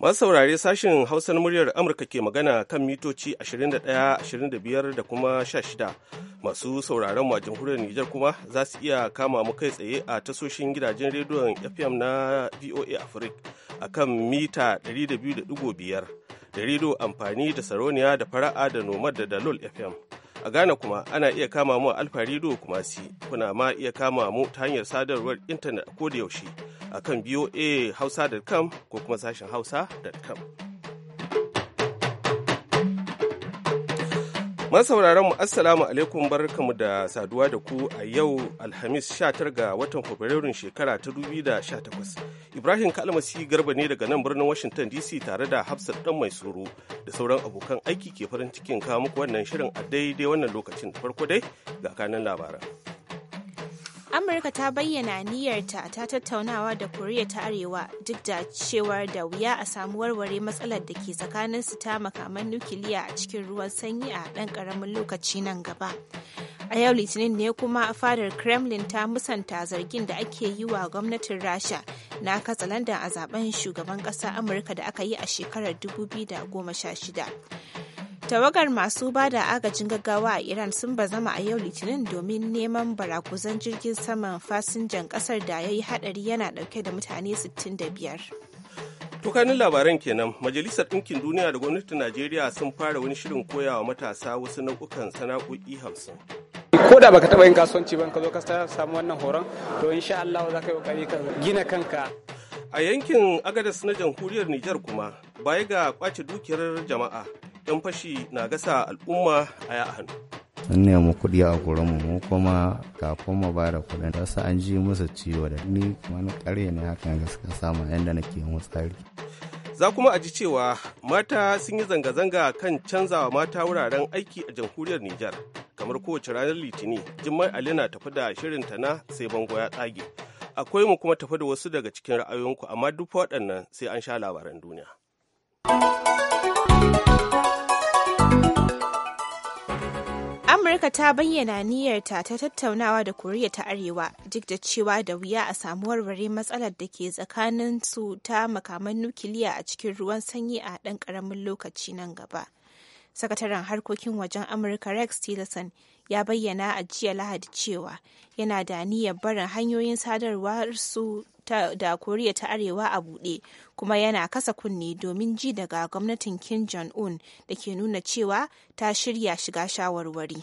Masu saurare sashen hausar muryar Amurka ke magana kan mitoci 21-25 da kuma 16 masu sauraron a jamhuriyar Nijar kuma za su iya kama mu kai tsaye a tasoshin gidajen rediyon FM na VOA Africa a kan mita 200.5 da rediyo amfani da sarauniya da fara'a da nomad da dalol FM. A Ghana kuma ana iya kama mu a Alfa Radio kuma si kuna ma iya kama mu ta hanyar sadarwar intanet a koda yaushe. a kan voa hausa.com ko kuma sashen hausa.com. sauraron mu assalamu alaikum barkamu da saduwa da ku a yau alhamis 19 ga watan fabrairun shekara ta 2018 ibrahim kalmasi garba ne daga nan birnin washington dc tare da hafsat dan mai tsoro da sauran abokan aiki ke farin cikin kawo muku wannan shirin a daidai wannan lokacin farko dai ga kanan labaran amurka ta bayyana niyyarta ta tattaunawa da koriya ta arewa duk da cewar da wuya a samu warware matsalar da ke tsakanin su ta makaman nukiliya a cikin ruwan sanyi a ɗan ƙaramin lokaci nan gaba a yau litinin ne kuma fadar kremlin ta musanta zargin da ake yi wa gwamnatin rasha na katsalandan a zaben shugaban ƙasa amurka da aka yi a shekarar 2016 tawagar masu ba da agajin gaggawa a iran sun bazama a yau litinin domin neman barakuzan jirgin saman fasinjan kasar da ya yi hadari yana dauke da mutane 65 tukanin labaran kenan majalisar ɗinkin duniya da gwamnatin najeriya sun fara wani shirin koyawa matasa wasu nau'ukan sana'o'i hamsin ko da baka taɓa yin kasuwanci ba ka zo ka samu wannan horon to insha Allah za ka yi kokari ka gina kanka a yankin agadas na jamhuriyar Nijar kuma baya ga kwace dukiyar jama'a 'yan fashi na gasa al'umma a ya hannu. sun nemi kuɗi a gurinmu mu kuma kafin mu ba da kuɗin da su an ji musu ciwo da ni wani ƙarya ne hakan da suka samu yadda nake yin tsari. Za kuma a ji cewa mata sun yi zanga-zanga kan canzawa mata wuraren aiki a jamhuriyar Nijar kamar kowace ranar Litinin, Jummai Ali na tafi da shirin ta na sai bango ya tsage. Akwai mu kuma tafi da wasu daga cikin ra'ayoyinku amma duk waɗannan sai an sha labaran duniya. amurka ta bayyana niyyarta ta tattaunawa da koriya ta arewa duk da cewa da wuya a samu warware matsalar da ke tsakanin su ta makaman nukiliya a cikin ruwan sanyi a ɗan ƙaramin lokaci nan gaba sakataren harkokin wajen amurka rex tillerson ya bayyana a jiya lahadi cewa yana da niyyar barin hanyoyin sadarwar su da koriya ta arewa a buɗe kuma yana kasa kunne domin ji daga gwamnatin kim jong-un da ke nuna cewa ta shirya shiga shawarwari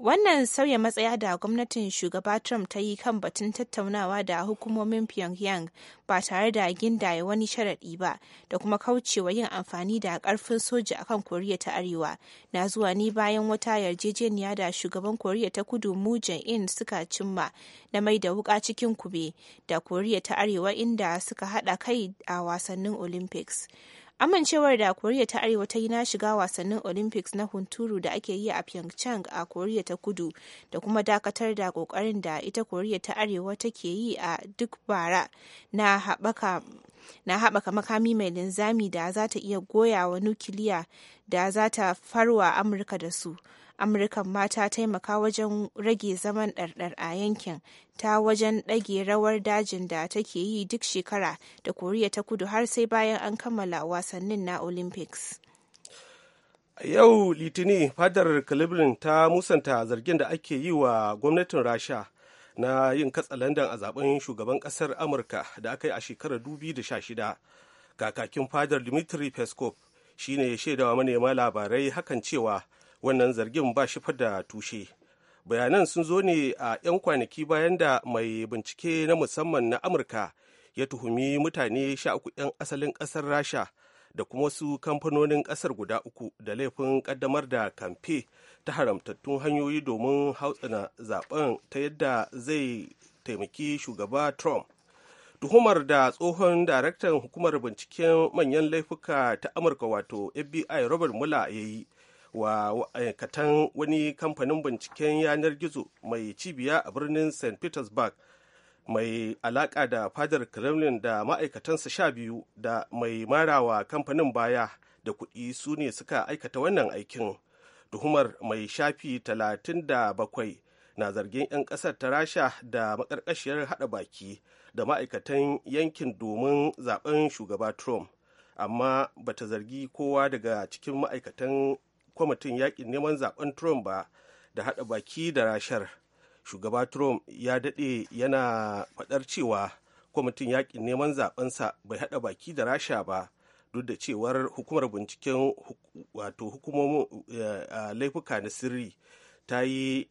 Wannan sauya matsaya da gwamnatin shugaba Trump ta yi kan batun tattaunawa da hukumomin Pyongyang ba tare da gindaya wani sharaɗi ba da kuma kaucewa yin amfani da ƙarfin soja akan Koriya ta Arewa na zuwa ne bayan wata yarjejeniya da shugaban Koriya ta Kudu Mu in suka cimma na mai da wuƙa cikin kube da Koriya ta Arewa inda suka haɗa kai a wasannin Olympics. amincewar da koriya ta arewa ta yi na shiga wasannin olympics na hunturu da ake yi a pyeongchang a koriya ta kudu da kuma dakatar da kokarin da ita koriya ta arewa take yi a duk bara na haɓaka na haɓaka makami mai linzami da za ta iya goya wa nukiliya da za ta farwa amurka da su amurkan ma ta taimaka wajen rage zaman ɗarɗar a yankin ta wajen ɗage rawar dajin da take yi duk shekara da koriya ta kudu har sai bayan an kammala wasannin na olympics yau litini fadar kalibrin ta musanta zargin da ake yi wa gwamnatin rasha na yin katsalandan a zaben shugaban kasar amurka da aka yi a shekarar 2016 kakakin fadar dimitri peskov shine ya shaidawa manema labarai hakan cewa wannan zargin ba shi da tushe bayanan sun zo ne a 'yan kwanaki bayan da mai bincike na musamman na amurka ya tuhumi mutane sha uku 'yan asalin ƙasar rasha da kuma wasu kamfanonin ƙasar guda uku da laifin ƙaddamar da kamfe ta haramtattun hanyoyi domin hautsana zaben ta yadda zai taimaki shugaba trump tuhumar da tsohon daraktan hukumar binciken manyan laifuka ta amurka wato fbi robert mueller ya yi wa aikatan wani kamfanin binciken yanar gizo mai cibiya a birnin st petersburg mai alaka da fadar kremlin da ma'aikatansa sha biyu da mai marawa kamfanin baya da kuɗi su ne suka aikata wannan aikin tuhumar mai shafi talatin da bakwai na zargin 'yan ƙasar ta rasha da maƙarƙashiyar haɗa baki da ma'aikatan yankin domin zaben shugaba trump amma bata zargi kowa daga cikin ma'aikatan kwamitin yakin neman zaben trump ba da haɗa baki da rashar shugaba trump ya daɗe yana faɗar cewa kwamitin yakin neman sa bai haɗa baki da rasha ba duk da cewar hukumar binciken wato hukumomin eh, laifuka na sirri ta yi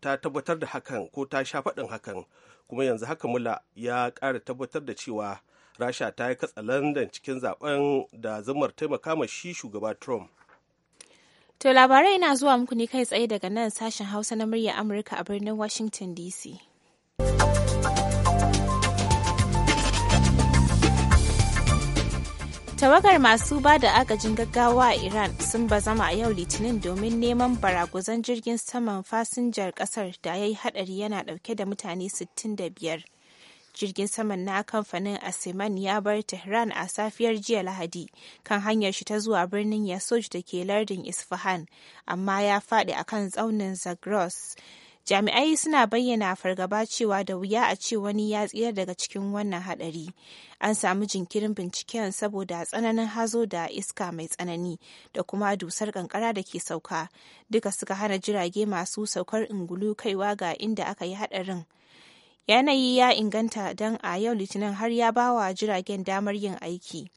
ta tabbatar da hakan ko ta sha faɗin hakan kuma yanzu haka mula ya ƙara tabbatar da cewa rasha ta yi katsalandan cikin zaben da zamar taimaka shi shugaba trump To labarai na zuwa muku ne kai tsaye daga nan sashen Hausa na murya Amurka a birnin Washington DC. Tawagar masu ba da agajin gaggawa a Iran sun bazama a yau Litinin domin neman baraguzan jirgin saman fasinjar kasar da ya yi hadari yana ɗauke da mutane 65. jirgin saman na kamfanin asiman ya bar tehran a safiyar jiya lahadi kan hanyar shi ta zuwa birnin yasoj da ke lardin isfahan amma ya faɗi kan tsaunin zagros jami'ai suna bayyana fargaba cewa da wuya a ce wani ya tsira daga cikin wannan hadari an samu jinkirin binciken saboda tsananin hazo da iska mai tsanani da kuma dusar ƙanƙara da ke sauka duka suka hana jirage masu saukar ingulu kaiwa ga inda aka yi hadarin Yanayi ya inganta don a yau Litinin har ya ba wa jiragen damar yin aiki.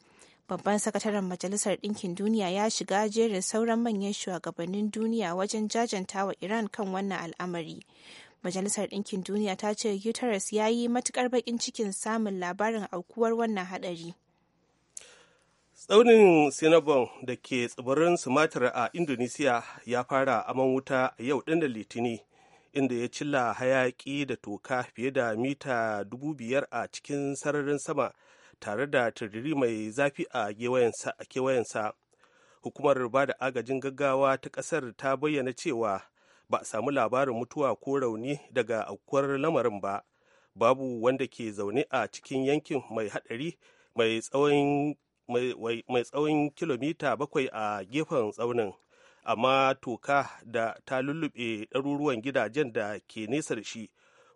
Babban sakataren Majalisar Ɗinkin Duniya ya shiga jerin sauran manyan shugabannin duniya wajen jajanta wa Iran kan wannan al'amari. Majalisar Ɗinkin Duniya ta ce uterus ya yi matukar baƙin cikin samun labarin aukuwar wannan haɗari. Tsaunin Sinabon da ke tsibirin Sumatra a Indonesia ya fara aman wuta a yau ɗin da Litini inda ya cilla hayaƙi da toka fiye da mita dubu biyar a cikin sararin sama tare da tiriri mai zafi a kewayensa hukumar ba da agajin gaggawa ta ƙasar ta bayyana cewa ba a samu labarin mutuwa ko rauni daga aukuwar lamarin ba babu wanda ke zaune a cikin yankin mai haɗari mai tsawon kilomita bakwai a gefen tsaunin amma toka da ta lullube ɗaruruwan gidajen da ke nesa da shi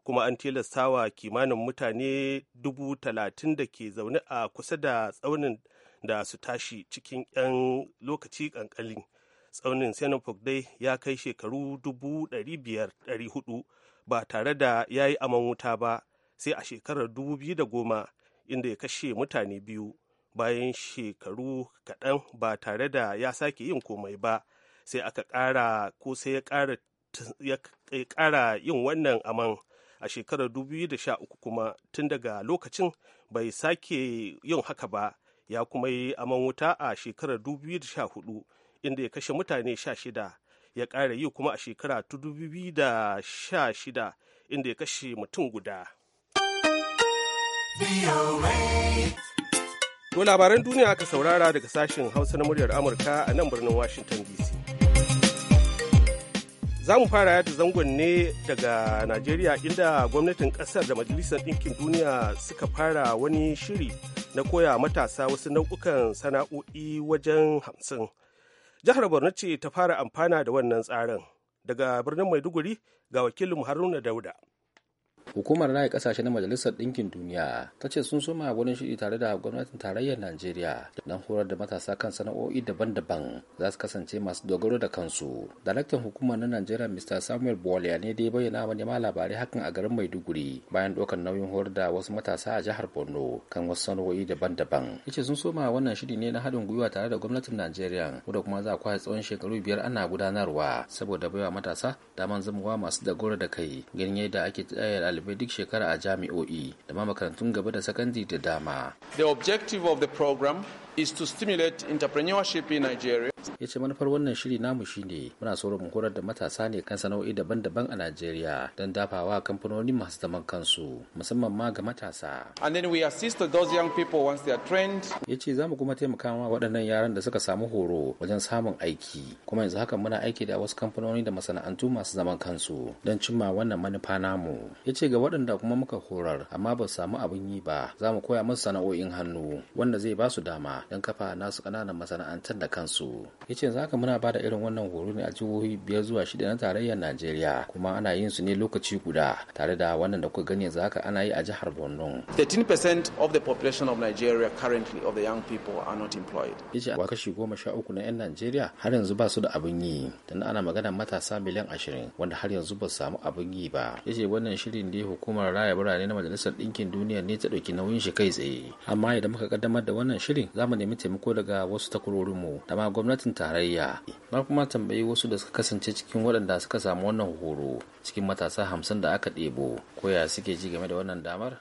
kuma an tilastawa kimanin mutane dubu talatin da ke zaune a kusa da tsaunin da su tashi cikin 'yan lokaci ƙanƙalin tsaunin senafok dai ya kai shekaru dubu biyar ɗari hudu ba tare da ya yi aman wuta ba sai a shekarar dubu biyu da goma inda ya kashe mutane biyu bayan shekaru kaɗan ba tare da ya sake yin komai ba sai aka ƙara ko sai ya ƙara yin wannan aman a shekarar 2013 kuma tun daga lokacin bai sake yin haka ba ya kuma yi aman wuta a shekarar 2014 inda ya kashe mutane 16 ya kara yi kuma a shekara 2016 inda ya kashe mutum guda. To labaran duniya aka saurara daga sashen Hausa na muryar Amurka a nan birnin Washington DC. za mu fara yada zangon ne daga najeriya inda gwamnatin kasar da majalisar ɗinkin duniya suka fara wani shiri na koya matasa wasu nau'ukan sana'o'i wajen hamsin jihar borno ce ta fara amfana da wannan tsarin daga birnin maiduguri ga wakilin haruna dauda hukumar rai kasashe na majalisar ɗinkin duniya ta ce sun soma wani shiri tare da gwamnatin tarayyar najeriya don horar da matasa kan sana'o'i daban-daban za su kasance masu dogaro da kansu daraktan hukumar na najeriya mr samuel bolia ne dai bayyana wa ma labarai hakan a garin maiduguri bayan ɗaukar nauyin horar da wasu matasa a jihar borno kan wasu sana'o'i daban-daban ya ce sun soma wannan shiri ne na haɗin gwiwa tare da gwamnatin najeriya wanda kuma za a kwaya tsawon shekaru biyar ana gudanarwa saboda baiwa matasa daman zamowa masu dogaro da kai ganin yadda ake tsayar ɗalibai duk shekara a jami'o'i da ma makarantun gaba da sakandare da dama. The objective of the program is to stimulate entrepreneurship in Nigeria. Ya ce manufar wannan shiri namu shine muna tsoron mu horar da matasa ne kan sana'o'i daban-daban a nigeria don dafawa kamfanoni masu zaman kansu musamman ma ga matasa. And then we assist those young people once they are trained. Ya ce za mu kuma taimaka wa waɗannan yaran da suka samu horo wajen samun aiki kuma yanzu haka muna aiki da wasu kamfanoni da masana'antu masu zaman kansu don cimma wannan manufa namu. Ya ce ga waɗanda kuma muka horar amma ba su samu abin yi ba za mu koya musu sana'o'in hannu wanda zai ba su dama don kafa nasu ƙananan masana'antar da kansu ya ce zaka muna da irin wannan horo ne a jihohi biyar zuwa shida na tarayyar najeriya kuma ana yin su ne lokaci guda tare da wannan da kuka gani zaka ana yi a jihar borno 13% of the population of nigeria currently of the young people are not employed ya ce a kashi goma sha uku na 'yan najeriya har yanzu ba su da abin yi dan ana magana matasa miliyan ashirin wanda har yanzu ba su samu abin yi ba ya ce wannan shirin da hukumar raya birane na majalisar ɗinkin duniya ne ta ɗauki nauyin shi kai tsaye amma idan muka kaddamar da wannan shirin za mu nemi taimako daga wasu takwarorinmu da ma gwamnatin tarayya na kuma tambayi wasu da suka kasance cikin waɗanda suka samu wannan horo cikin matasa hamsin da aka ɗebo ko suke ji game da wannan damar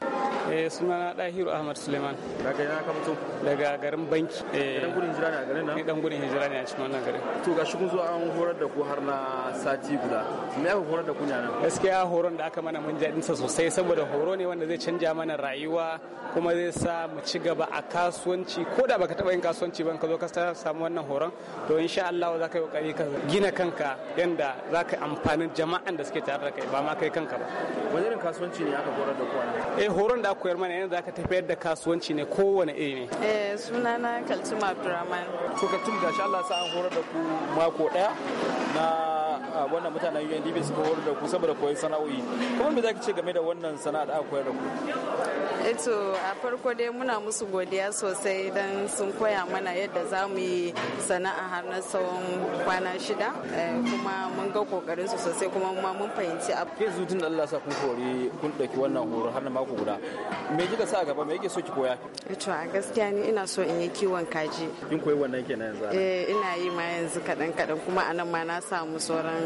eh suna na Dahiru Ahmad Suleiman daga yana ka mutum? daga garin banki eh, dan gudun hijira ne a garin nan dan gudun hijira ne a cikin wannan garin to ga shi kun zo an horar da ku har na sati guda me aka horar da ku ne nan gaskiya horon da aka mana mun ji sa sosai saboda horo ne wanda zai canja mana rayuwa kuma zai sa mu ci gaba a kasuwanci ko da baka taba yin kasuwanci ba ka zo ka samu wannan horon to insha Allah za ka yi kokari ka gina kanka yanda za ka amfanin jama'an da suke tare da kai ba ma kai kanka ba wani irin kasuwanci ne aka horar da ku eh horon da koyar mana yadda zaka ka tafiyar da kasuwanci ne kowane iri ne. Eh sunana Kaltum Abdurrahman. To Kaltum gashi Allah sa an horar da ku mako ɗaya na wannan mutanen UNDP suka horar da ku saboda koyon sana'o'i kuma me zaki ce game da wannan sana'a da aka koyar da ku eto eh a farko dai muna musu godiya sosai don sun koya mana yadda za mu yi sana'a har na tsawon kwana shida eh, kuma mun ga kokarin su sosai kuma ma mun fahimci abu ke zutun da Allah sa kun kori kun dauki wannan horo har na mako guda me kika sa gaba me yake so ki koya eto eh a gaskiya ni ina so in yi kiwon kaji kin koyi wannan kenan yanzu eh ina yi ma yanzu kadan kadan kuma anan ma na samu sauran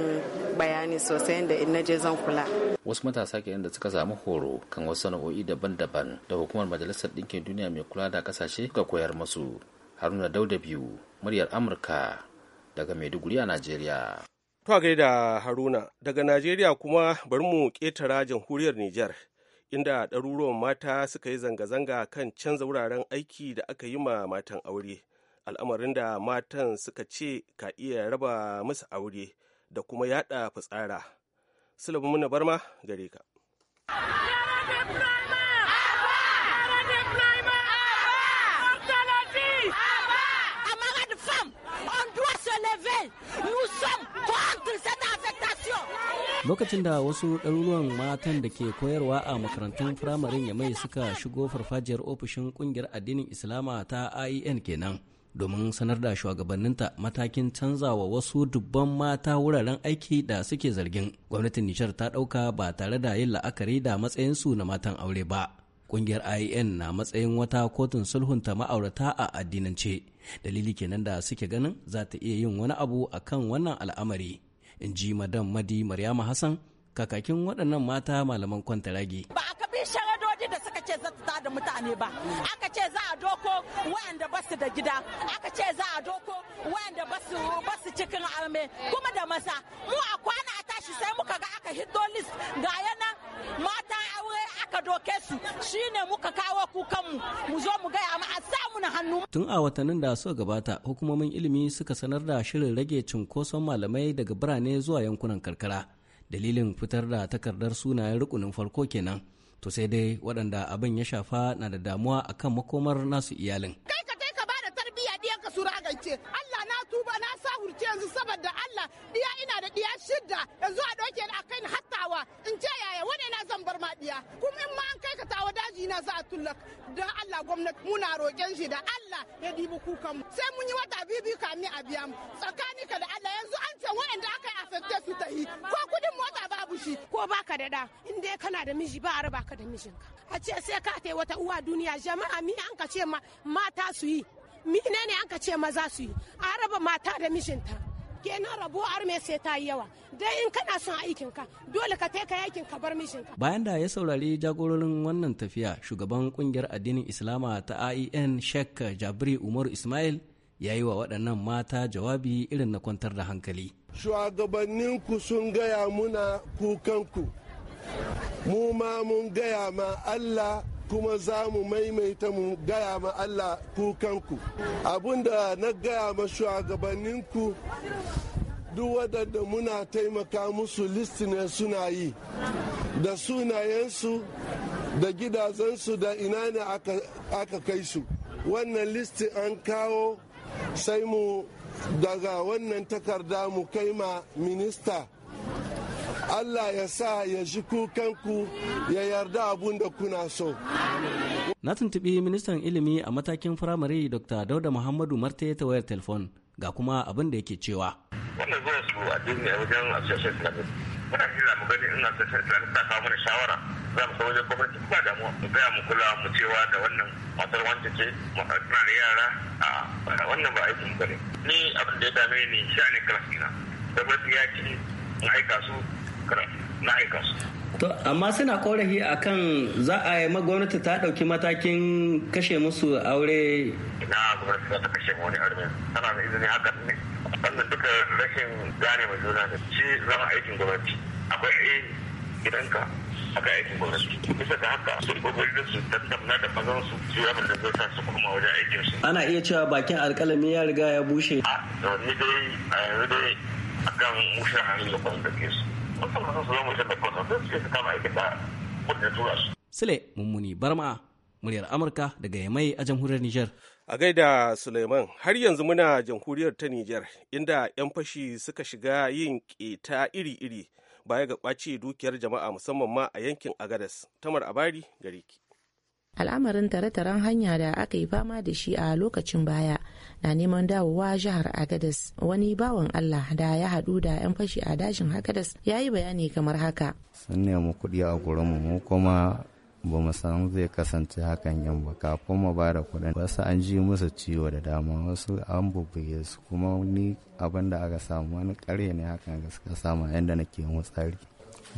bayani sosai yadda in naje zan kula. Wasu matasa ke da suka samu horo kan wasu sana'o'i daban-daban da hukumar Majalisar Ɗinkin Duniya mai kula da kasashe ga koyar masu Haruna Dauda biyu, muryar Amurka daga Maiduguri a Najeriya. To a gaida Haruna, daga Najeriya kuma bari mu ƙetara jamhuriyar Nijar. Inda ɗaruruwan mata suka yi zanga-zanga kan canza wuraren aiki da aka yi ma matan aure, al'amarin da matan suka ce ka iya raba musu aure. da kuma yada fitsara Sulubu muna barma gare ka lokacin da wasu ɗaruruwan matan da ke koyarwa a makarantun firamarin yamai suka shigo farfajiyar ofishin ƙungiyar addinin islama ta ien kenan domin sanar da shugabanninta matakin canzawa wasu dubban mata wuraren aiki da suke zargin gwamnatin Nijar ta ɗauka ba tare da yin la'akari da matsayinsu na matan aure ba ƙungiyar IAN na matsayin wata kotun sulhunta ma'aurata a addinance dalili kenan da suke ganin za ta iya yin wani abu akan wannan al'amari in ji madam madi maryama hassan kakakin waɗannan mata malaman kwantaragi ba a da suka ce za su da mutane ba aka ce za a doko wayanda ba su da gida aka ce za a doko wayanda ba su cikin arme kuma da masa mu a kwana a tashi sai muka ga aka hito list ga yana mata aure aka doke su shine muka kawo kukan mu zo mu gaya ma a mu na hannu tun a watannin da suka gabata hukumomin ilimi suka sanar da shirin rage cunkoson malamai daga birane zuwa yankunan karkara dalilin fitar da takardar sunayen rukunin farko kenan to sai dai waɗanda abin ya shafa na da damuwa akan makomar nasu iyalin kai ka kai ka ba da tarbiyya sura su ragance ba na sa wurce yanzu saboda Allah diya ina da diya shidda yanzu a doke a kai ni hattawa in ce yaya wani na zan bar ma diya kuma in ma an kai ka tawa daji na za a tullak don Allah gwamnati muna roƙen shi da Allah ya dibi kukan mu sai mun yi wata bibi ka mi a biya mu tsakani ka da Allah yanzu an ce waɗanda aka yi afekte su tahi ko kudin mota babu shi ko baka da da in dai kana da miji ba a raba ka da mijinka a ce sai ka wata uwa duniya jama'a mi an ka ce ma mata su yi mine ne an ka ce maza su yi a raba mata da mijinta kenan rabo me sai ta yi yawa dai in kana son aikin ka dole ka taika yakin ka bar mishinka bayan da ya saurari jagororin wannan tafiya shugaban kungiyar addinin islama ta IEN Sheikh Jabri Umar Ismail ya yi wa waɗannan mata jawabi irin na kwantar da hankali shugabannin ku sun gaya muna kukanku mu ma mun gaya ma Allah kuma za mu maimaita mu gaya ma Allah kukanku abinda na gaya ma shugabanninku duk waɗanda muna taimaka musu listine suna yi da sunayensu da gidazensu da ina ne aka kai su wannan listi an kawo sai mu daga wannan takarda mu kai ma minista Allah ya sa ya ji kukanku ya yarda abun da kuna so. Na tuntubi ministan ilimi a matakin firamare Dr. Dauda Muhammadu Marte ta wayar telefon ga kuma abin da yake cewa. Wannan zuwa su a duniya wajen asirashin islamin. Muna kira mu gani in asirashin islamin ta kawo mana shawara za mu wajen gwamnati ba damuwa mu gaya mu kula mu cewa da wannan matar wancan ce tana da yara a wannan ba aikin bane. Ni abin da ya dame ni sha ne kalasina. Gwamnati ya ce in aika su na aikansu To, amma suna korafi a kan za a yi magwamnati ta ɗauki matakin kashe musu aure. Na gwamnati za ta kashe wani aure tana da izini haka ne. Wannan duka rashin gane mai juna da shi zama aikin gwamnati. Akwai a gidanka akwai aikin gwamnati. Bisa ga haka sun kokari da su tattauna da mazan su su yi da zai sa su koma wajen aikin su. Ana iya cewa bakin alkalami ya riga ya bushe. A, ni dai a yanzu dai akan mushe hannun da kwan da ke su. mutum mutum Sule Mummuni Barma muryar Amurka daga Yamai a jamhuriyar Nijar. A gaida Suleiman har yanzu muna jamhuriyar ta Nijar inda 'yan fashi suka shiga yin ƙeta iri-iri baya ga ƙwace dukiyar jama'a musamman ma a yankin Agadas. Tamar Abari gare ki. al'amarin tare-taren hanya da aka yi fama da shi a lokacin baya na neman dawowa jihar agadas wani bawan allah da ya haɗu da 'yan fashi a dajin agadas ya yi bayani kamar haka sun nemi kuɗi a gurinmu mu kuma ba mu san zai kasance hakan yan ba kafin mu bada kuɗin wasu an ji musu ciwo da dama wasu an bubbuge su kuma ni abin da aka samu wani ƙarya ne hakan gaskiya samu yadda nake mutsari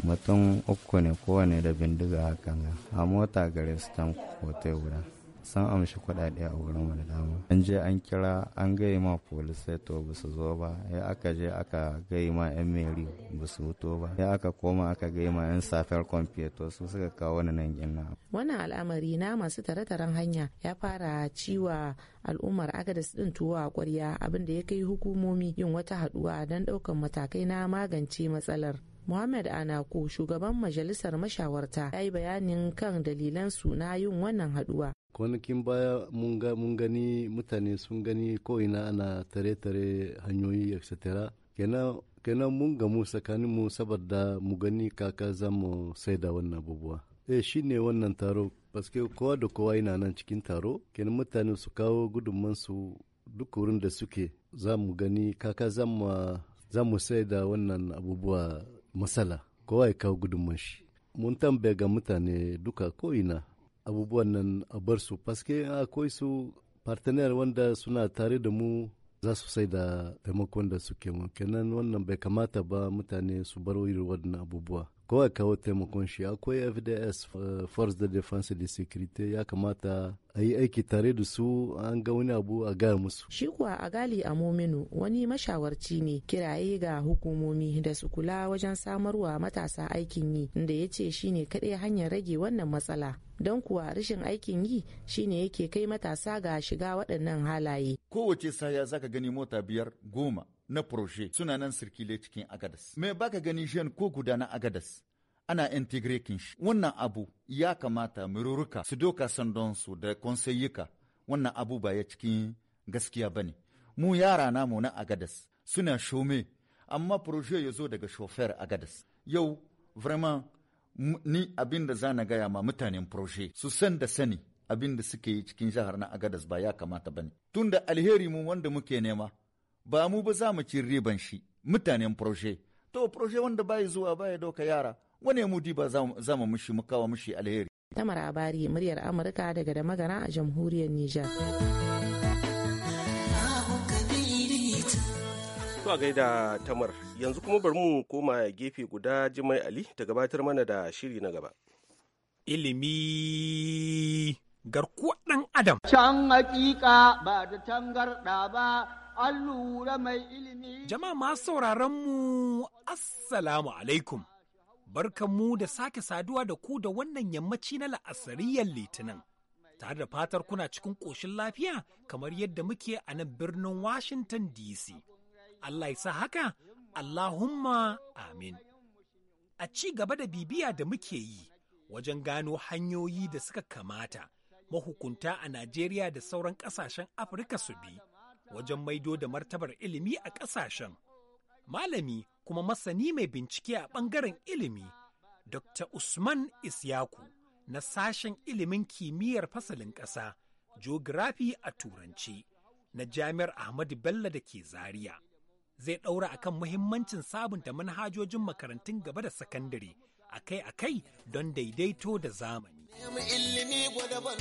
mutum uku ne kowane da bindiga hakan ga a mota gare su tan hotel guda sun amshi kuɗaɗe a wurin wani dama an je an kira an gai ma polisai to ba su zo ba ya aka je aka gai ma yan meri ba su wuto ba ya aka koma aka gai ma yan safiyar kwamfiyato su suka kawo wani nan gina wannan al'amari na masu tare-taren hanya ya fara ciwa al'ummar agadas din tuwa a kwarya abinda ya kai hukumomi yin wata haɗuwa don daukan matakai na magance matsalar Muhammad Anako shugaban majalisar mashawarta ya yi bayanin kan dalilan su na yin wannan haduwa. Kwanakin baya mun gani mutane sun gani ko'ina ana tare-tare hanyoyi etc. Kenan mun gamu tsakanin mu saboda mu gani kaka za mu saida wannan abubuwa. Eh shi ne wannan taro paske kowa da kowa yana nan cikin taro kenan mutane su kawo gudunmansu duk wurin da suke za mu gani kaka za mu sai wannan abubuwa matsala kowa ya kawo gudunman shi mun tambaya ga mutane duka ko'ina abubuwan nan a bar su paske akwai su partenaire wanda suna tare da mu za su sai da taimakon da suke mu kenan wannan bai kamata ba mutane su bar irin waɗannan abubuwa kawai kawo taimakon shi akwai fds eh, force de defense de security ya kamata a yi aiki tare da su an ga wani abu a gaya musu shi kuwa a gali a mominu wani mashawarci ne kiraye ga hukumomi da su kula wajen samarwa matasa aikin yi da ya ce shine kaɗai hanyar rage wannan matsala don kuwa rashin aikin yi shine yake kai matasa ga shiga waɗannan halaye kowace saya zaka gani mota biyar goma na proje suna nan sirkile cikin agadas me baka gani jen ko guda na agadas ana integrating shi wannan abu ya kamata mururuka su doka su da konseyika wannan abu ba ya cikin gaskiya ba ne mu yara namu na agadas suna shome amma proje ya zo daga shofer agadas yau vraiment ni abin da za gaya ma mutanen proje su san da sani abin da suke yi cikin jihar na agadas ba ya kamata ba ne tun da alheri mu wanda muke nema ba mu ba za mu ci riban shi mutanen proje to proje wanda bai zuwa bai doka yara wane mu ba za mu mushi mu kawo mushi alheri tamar abari muryar amurka daga da magana a jamhuriyar nijar To gaida tamar yanzu kuma bari mu koma gefe guda jimai ali ta gabatar mana da shiri na gaba ilimi garkuwa dan adam can hakika ba da tangarda ba allura mai ilimi. Jama'a masu sauraron mu Assalamu alaikum. mu da sake saduwa da ku da wannan yammaci na la'asariyar Litinin. Tare da fatar kuna cikin ƙoshin lafiya kamar yadda muke a nan birnin Washington DC. Allah ya haka, Allahumma amin. A ci gaba da bibiya da muke yi wajen gano hanyoyi da suka kamata mahukunta a Najeriya da sauran ƙasashen Afirka su bi. wajen maido da martabar ilimi a ƙasashen. Malami kuma masani mai bincike a ɓangaren ilimi, Dr. Usman Isyaku na sashen ilimin kimiyyar fasalin ƙasa, Geography a Turanci, na Jami'ar Ahmadu Bello da ke Zaria. Zai ɗaura akan muhimmancin sabunta manhajojin makarantun gaba da sakandare akai-akai don daidaito da zamani. ilimi gwada ban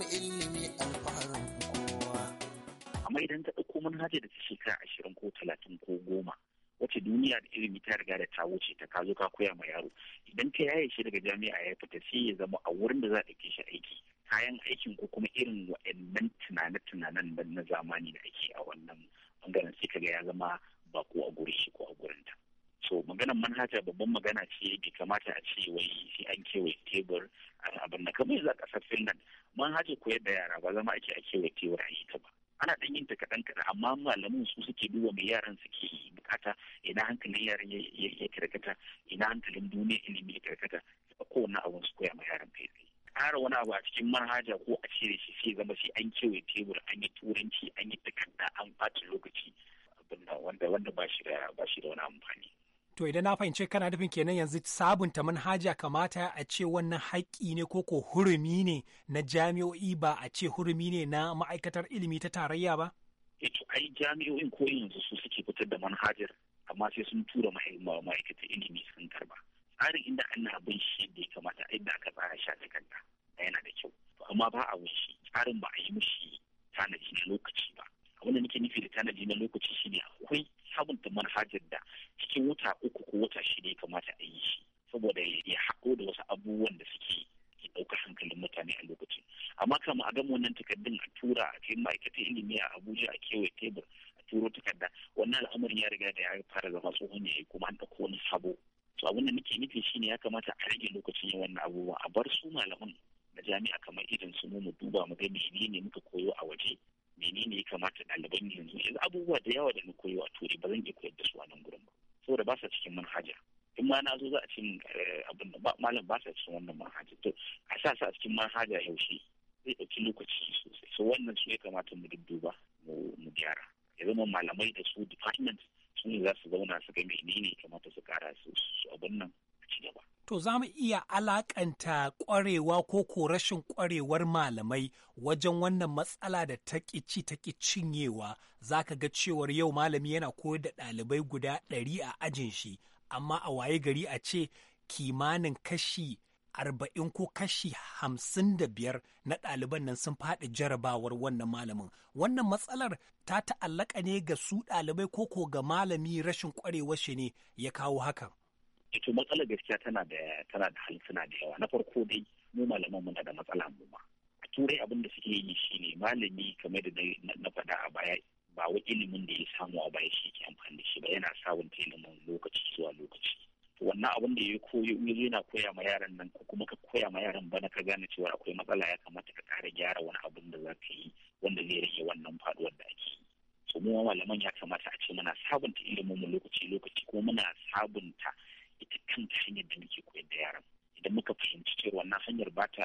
a ilimi alfaharin amma idan ta ɗauko manhaja da ta shekara ashirin ko talatin ko goma wace duniya da ilimi ta riga da ta wuce ta kazo ka koya ma yaro idan ka yaye shi daga jami'a ya fita sai ya zama a wurin da za a ɗauke shi aiki kayan aikin ko kuma irin waɗannan tunane-tunanen na zamani da ake a wannan ɓangaren sai kaga ya zama ba ko a gurin shi ko a gurin ta so maganar manhaja babban magana ce bai kamata a ce wai sai an kewaye tebur a abin da kamar yanzu a ƙasar finland manhaja koyar da yara ba zama ake a kewaye tebur a yi ta ba ana ɗan yin ta kaɗan kaɗan amma malaman su suke duba mai yaran suke bukata ina hankalin yaran ya karkata ina hankalin duniya ilimi ya karkata kowane abu su koya ma yaran kai tsaye ƙara wani abu a cikin manhaja ko a cire shi sai zama sai an kewaye tebur an yi turanci an yi takarda an ɓata lokaci abin wanda wanda ba shi da wani amfani To idan na fahimce kana nufin kenan yanzu sabunta manhaja kamata a ce wannan haƙƙi ne ko ko hurumi ne na jami'o'i ba a ce hurumi ne na ma'aikatar ilimi ta tarayya ba? Eto eh ai jami'o'in ko yanzu su suke fitar da manhajar amma sai sun tura ma'aikatar ilimi sun karba. Tsarin inda ana bin shi da ya kamata a inda aka tsara shi a takarda yana da kyau. Amma ba a wuce tsarin ba a yi mishi tanadi na lokaci ba. Abin da nake nufi da tanadi na lokaci shine akwai ba sa cikin wannan manhaja to a sa su a cikin manhaja yaushe zai ɗauki lokaci sosai so wannan su ya kamata mu dudduba mu gyara ya zama malamai da su department su ne za su zauna su ga menene kamata su kara su abin nan a ci gaba to za mu iya alakanta ƙwarewa ko ko rashin kwarewar malamai wajen wannan matsala da ta ƙici ta cinyewa za ka ga cewar yau malami yana koyar da ɗalibai guda ɗari a ajin shi amma a waye gari a ce kimanin kashi arba'in ko kashi hamsin da biyar na ɗaliban nan sun faɗi jarabawar wannan malamin wannan matsalar ta ta'allaka ne ga su ɗalibai ko ko ga malami rashin ƙwarewar shi ne ya kawo haka ito eh matsalar gaskiya tana da tana da halittuna da yawa na farko dai mu malaman muna da matsala mu ma a turai abin da suke yi shi ne malami kamar da na faɗa a baya ba wa ilimin da ya samu a baya shi ke amfani da shi ba yana sawunta ilimin lokaci zuwa lokaci wannan abin da ya koyo ko yana koya ma yaran nan ko kuma ka koya ma yaran bana ka gane cewa akwai matsala ya kamata ka kare gyara wani abin da za ka yi wanda zai rage wannan faɗuwar da ake yi so mu malaman ya kamata a ce muna sabunta ilimin mu lokaci lokaci kuma muna sabunta ita kanta hanyar da muke koyar da yaran idan muka fahimci cewa wannan hanyar ba ta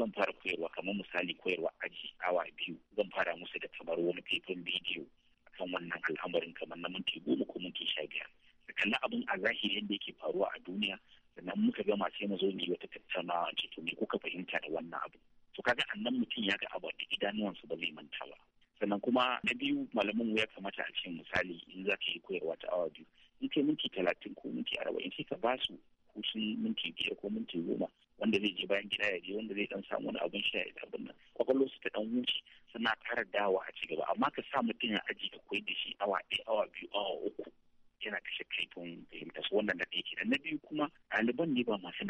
zan fara koyarwa kamar misali koyarwa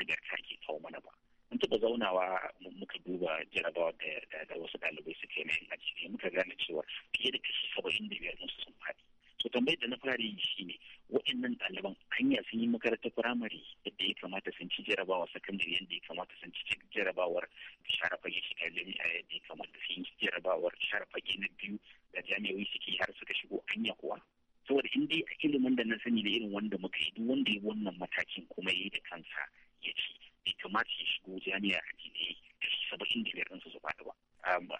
hanyar ke kawo mana ba mun taɓa zaunawa muka duba jarabawa da da wasu ɗalibai kai na a ciki muka gane cewa fiye da kashi saba'in da biyar musu sun faɗi to tambayar da na fara yi ne waɗannan ɗaliban hanya sun yi makaranta firamare yadda ya kamata sun ci jarabawa sakandare yadda ya kamata sun ci jarabawar shi fage shiga a yadda ya kamata sun yi jarabawar sharafage na biyu da jami'o'i suke har suka shigo hanya kuwa saboda in dai a ilimin da na sani da irin wanda muka yi duk wanda ya wannan matakin kuma ya yi da kansa ya ci bai kamata ya shigo jami'a ta shi saba'in da biyar su faɗi ba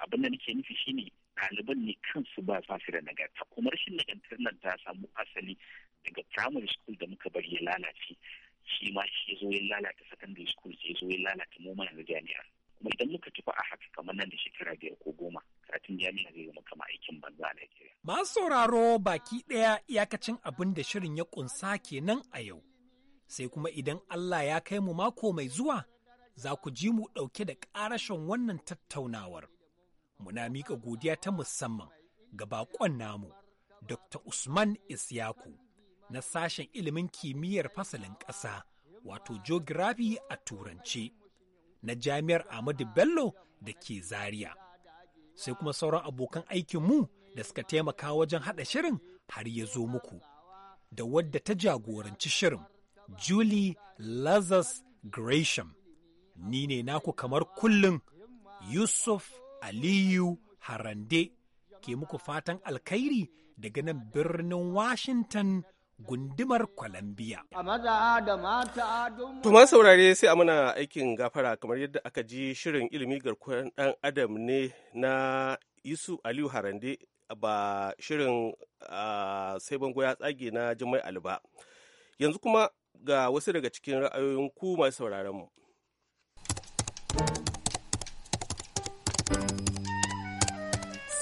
abin da nake nufi shine ɗaliban ne kansu ba sa su da nagarta kuma rashin nagartar nan ta samu asali daga primary school da muka bari ya lalace shi ma shi zo ya lalata secondary school shi zo ya lalata mu na jami'a kuma idan muka tafi a haka kamar nan da shekara biyar ko goma karatun jami'a zai zama kama aikin banza a Najeriya. Masu sauraro baki ɗaya iyakacin abin da shirin ya ƙunsa kenan a yau. sai kuma idan Allah ya kai mu mako mai zuwa za ku ji mu ɗauke da ƙarashin wannan tattaunawar. Muna miƙa godiya ta musamman ga baƙon namu, Dr. Usman Isyaku na sashen ilimin kimiyyar fasalin ƙasa, wato geography a Turance, na Jami'ar Ahmadu Bello da ke Zaria. Sai kuma sauran abokan aikinmu da suka taimaka wajen haɗa shirin har ya zo muku, da wadda ta jagoranci shirin. Julie Lazarus Gresham. Ni ne naku kamar kullum Yusuf Aliyu Harande ke muku fatan alkhairi daga nan birnin Washington gundumar Columbia. Tuma saurare sai a muna aikin gafara kamar yadda aka ji shirin ilimi garkuwar ɗan adam ne na Yusuf Aliyu Harande ba shirin ah, sai bango ya tsage na Jimai Ali ba. Yanzu kuma ga wasu daga cikin ra'ayoyin ku masu sauraron mu.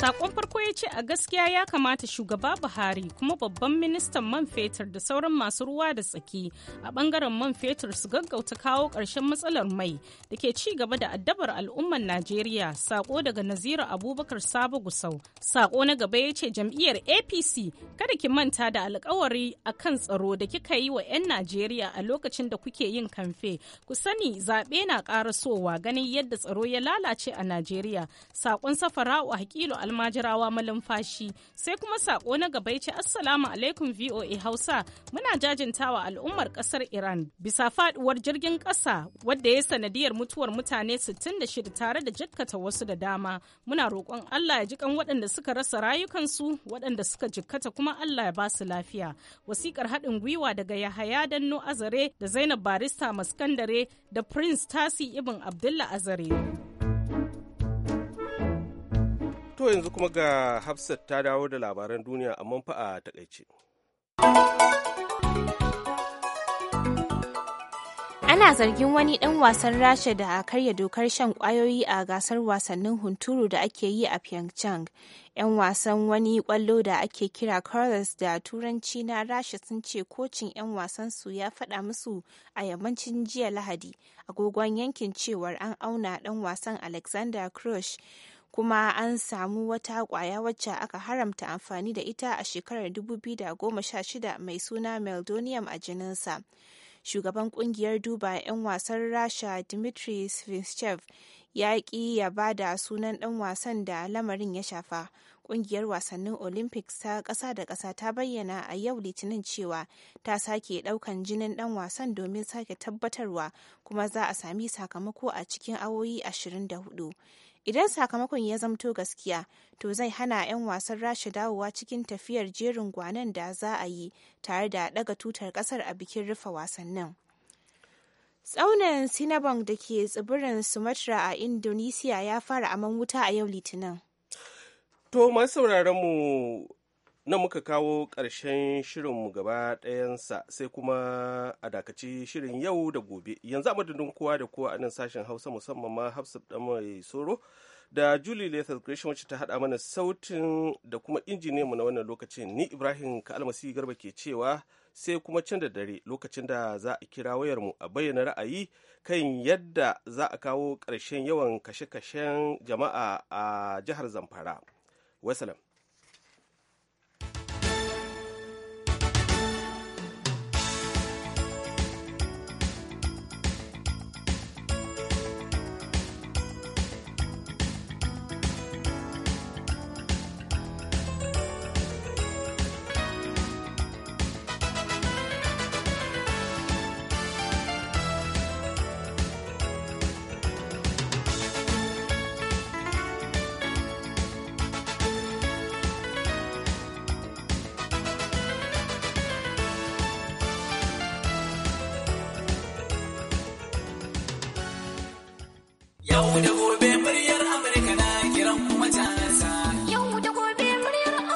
Sakon farko ya ce a gaskiya ya kamata shugaba Buhari kuma babban ministan man fetur da sauran masu ruwa da tsaki a bangaren man fetur su gaggauta kawo ƙarshen matsalar mai da ke ci gaba da addabar al'ummar Najeriya sako daga Naziru Abubakar Sabo Gusau. Sako na gaba ya ce jam'iyyar APC kada ki manta da alkawari a kan tsaro da kika yi wa 'yan Najeriya a lokacin da kuke yin kamfe. Ku sani zaɓe na ƙarasowa ganin yadda tsaro ya lalace a Najeriya. Sakon safara'u a almajirawa malumfashi sai kuma sako na gaba ya ce assalamu alaikum voa hausa muna jajintawa al'ummar kasar iran bisa faduwar jirgin kasa wadda ya sanadiyar mutuwar mutane 66 tare da jikkata wasu da dama muna roƙon allah ya jikan waɗanda suka rasa rayukansu waɗanda suka jikkata kuma allah ya ba su lafiya wasikar haɗin gwiwa daga yahaya danno azare da zainab barista maskandare da prince tasi ibn abdullah azare. To yanzu kuma ga Hafsat ta dawo da labaran duniya amma manfa a takaice. Ana zargin wani ɗan wasan Rasha da karya dokar shan kwayoyi a gasar wasannin hunturu da ake yi a Pyeongchang. 'Yan wasan wani kwallo da ake kira Chorus da Turanci na Rasha sun ce kocin 'yan wasan su ya faɗa musu a yammacin jiya Lahadi agogon yankin cewar an auna dan wasan Alexander Crush kuma an samu wata kwaya wacce aka haramta amfani da ita a shekarar 2016 mai suna meldonium a jininsa. Shugaban kungiyar duba 'yan wasan Rasha Dmitry Svinchev ya ƙi ya ba da sunan ɗan wasan da lamarin ya shafa. Kungiyar wasannin Olympics ta ƙasa da ƙasa ta bayyana a yau Litinin cewa ta sake ɗaukan jinin ɗan wasan domin sake tabbatarwa kuma za a sami sakamako a cikin awoyi 24. Idan sakamakon ya zamto gaskiya, to zai hana 'yan wasan Rasha dawowa cikin tafiyar jerin gwanan da za a yi tare da ɗaga tutar ƙasar a bikin rufe wasannin. Tsaunin Sinabang da ke tsibirin Sumatra a Indonesia ya fara aman wuta a yau Litinin. To masu sauraron mu nan muka kawo ƙarshen shirinmu gaba ɗayansa sai kuma a dakaci shirin yau da gobe yanzu a madadin kowa da kowa a nan sashen hausa musamman ma hafsa da mai soro da julie lethal gresham wacce ta haɗa mana sautin da kuma mu na wannan lokacin ni ibrahim kalmasi garba ke cewa sai kuma can da dare lokacin da za a kira wayarmu a bayyana ra'ayi kan yadda za a kawo ƙarshen yawan kashe-kashen jama'a a jihar zamfara wasalam